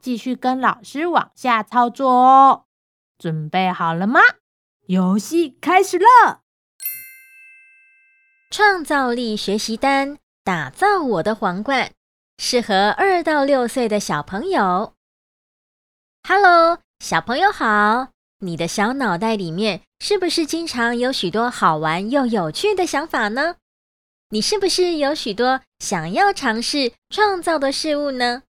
繼續跟老師往下操作哦，準備好了嗎？遊戲開始了！創造力學習單，打造我的皇冠，適合二到六歲的小朋友。Hello，小朋友好！你的小腦袋裡面是不是經常有許多好玩又有趣的想法呢？你是不是有許多想要嘗試創造的事物呢？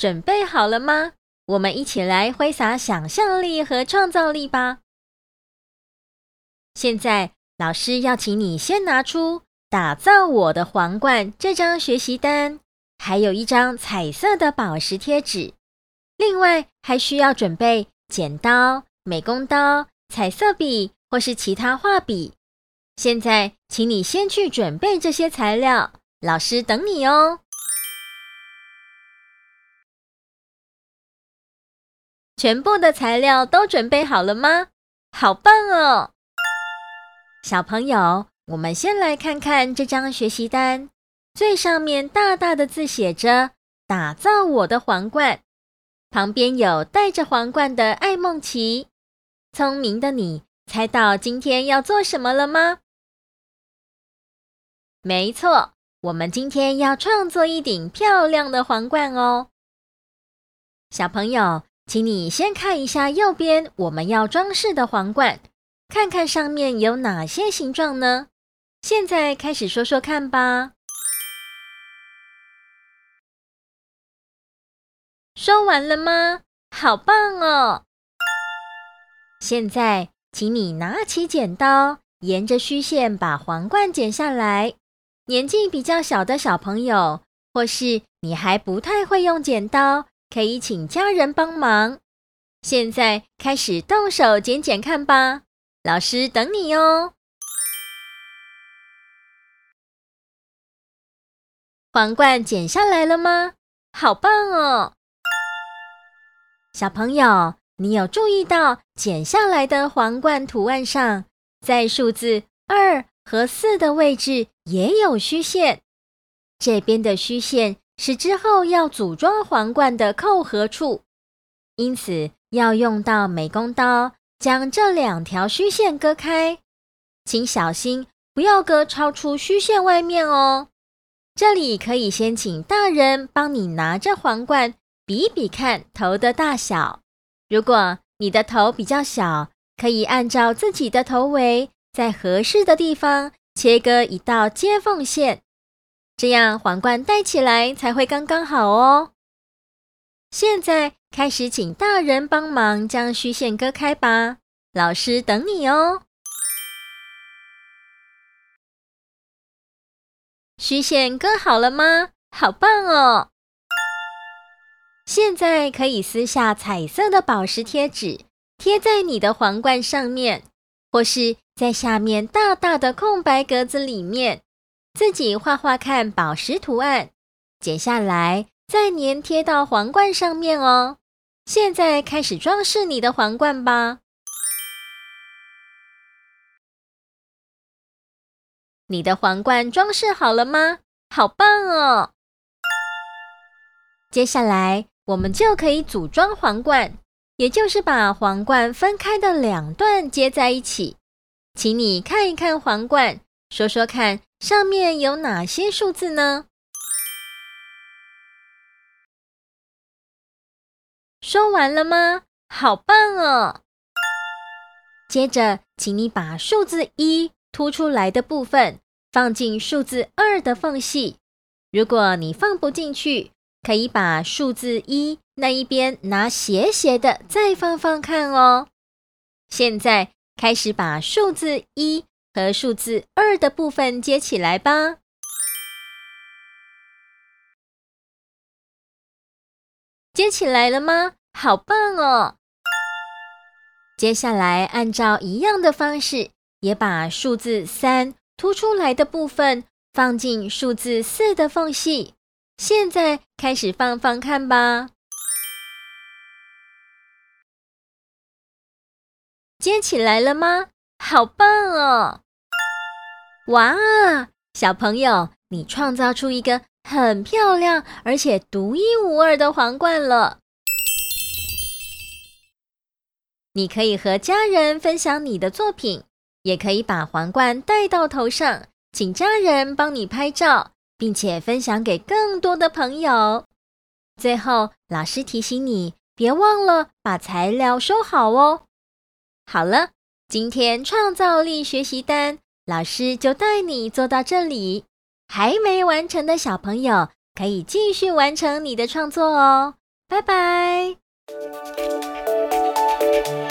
準備好了嗎？我們一起來揮灑想象力和創造力吧！現在，老師要請你先拿出《打造我的皇冠》這張學習單，還有一張彩色的寶石貼紙。另外，還需要準備剪刀、美工刀、彩色筆或是其他畫筆。現在，請你先去準備這些材料，老師等你哦。全部的材料都準備好了嗎？好棒哦！小朋友，我們先來看看這張學習單，最上面大大的字寫着“打造我的皇冠”，旁邊有戴着皇冠的愛孟奇。聰明的你，猜到今天要做什麼了嗎？沒錯，我們今天要創作一頂漂亮的皇冠哦，小朋友。請你先看一下右邊，我們要裝飾的皇冠，看看上面有哪些形狀呢？現在開始說說看吧。說完了嗎？好棒哦！現在請你拿起剪刀，沿着虛線把皇冠剪下來。年紀比較小的小朋友，或是你還不太會用剪刀，可以請家人幫忙，現在開始動手剪剪看吧。老師等你哦。皇冠剪下來了嗎？好棒哦！小朋友，你有注意到剪下來的皇冠圖案上，在數字二和四的位置也有虛線，這邊的虛線。使之後要組裝皇冠的扣合處，因此要用到美工刀將這兩條虛線割開，請小心不要割超出虛線外面哦。這裡可以先請大人幫你拿着皇冠比比看頭的大小，如果你的頭比較小，可以按照自己的頭圍在合適的地方切割一道接縫線。這樣皇冠戴起來才會剛剛好哦。現在開始，請大人幫忙將虛線割開吧，老師等你哦。虛線割好了嗎？好棒哦！現在可以撕下彩色的寶石貼紙，貼在你的皇冠上面，或是在下面大大的空白格子裡面。自己畫畫看寶石圖案，剪下來再粘貼到皇冠上面哦。現在開始裝飾你的皇冠吧！你的皇冠裝飾好了嗎？好棒哦！接下來我們就可以組裝皇冠，也就是把皇冠分開的兩段接在一起。請你看一看皇冠，說說看。上面有哪些數字呢？說完了嗎？好棒哦！接着，請你把數字一凸出來的部分放進數字二的縫隙。如果你放不進去，可以把數字一那一邊拿斜斜的再放放看哦。現在開始把數字一，和數字二的部分接起來吧，接起來了嗎？好棒哦！接下來按照一樣的方式，也把數字三凸出來的部分放進數字四的縫隙。現在開始放放看吧，接起來了嗎？好棒哦！哇，小朋友，你創造出一個很漂亮而且獨一無二的皇冠了。你可以和家人分享你的作品，也可以把皇冠戴到頭上，請家人幫你拍照，並且分享給更多的朋友。最後，老師提醒你，別忘了把材料收好哦。好了。今天創造力學習單，老師就帶你做到這裡。還沒完成的小朋友，可以繼續完成你的創作哦。拜拜。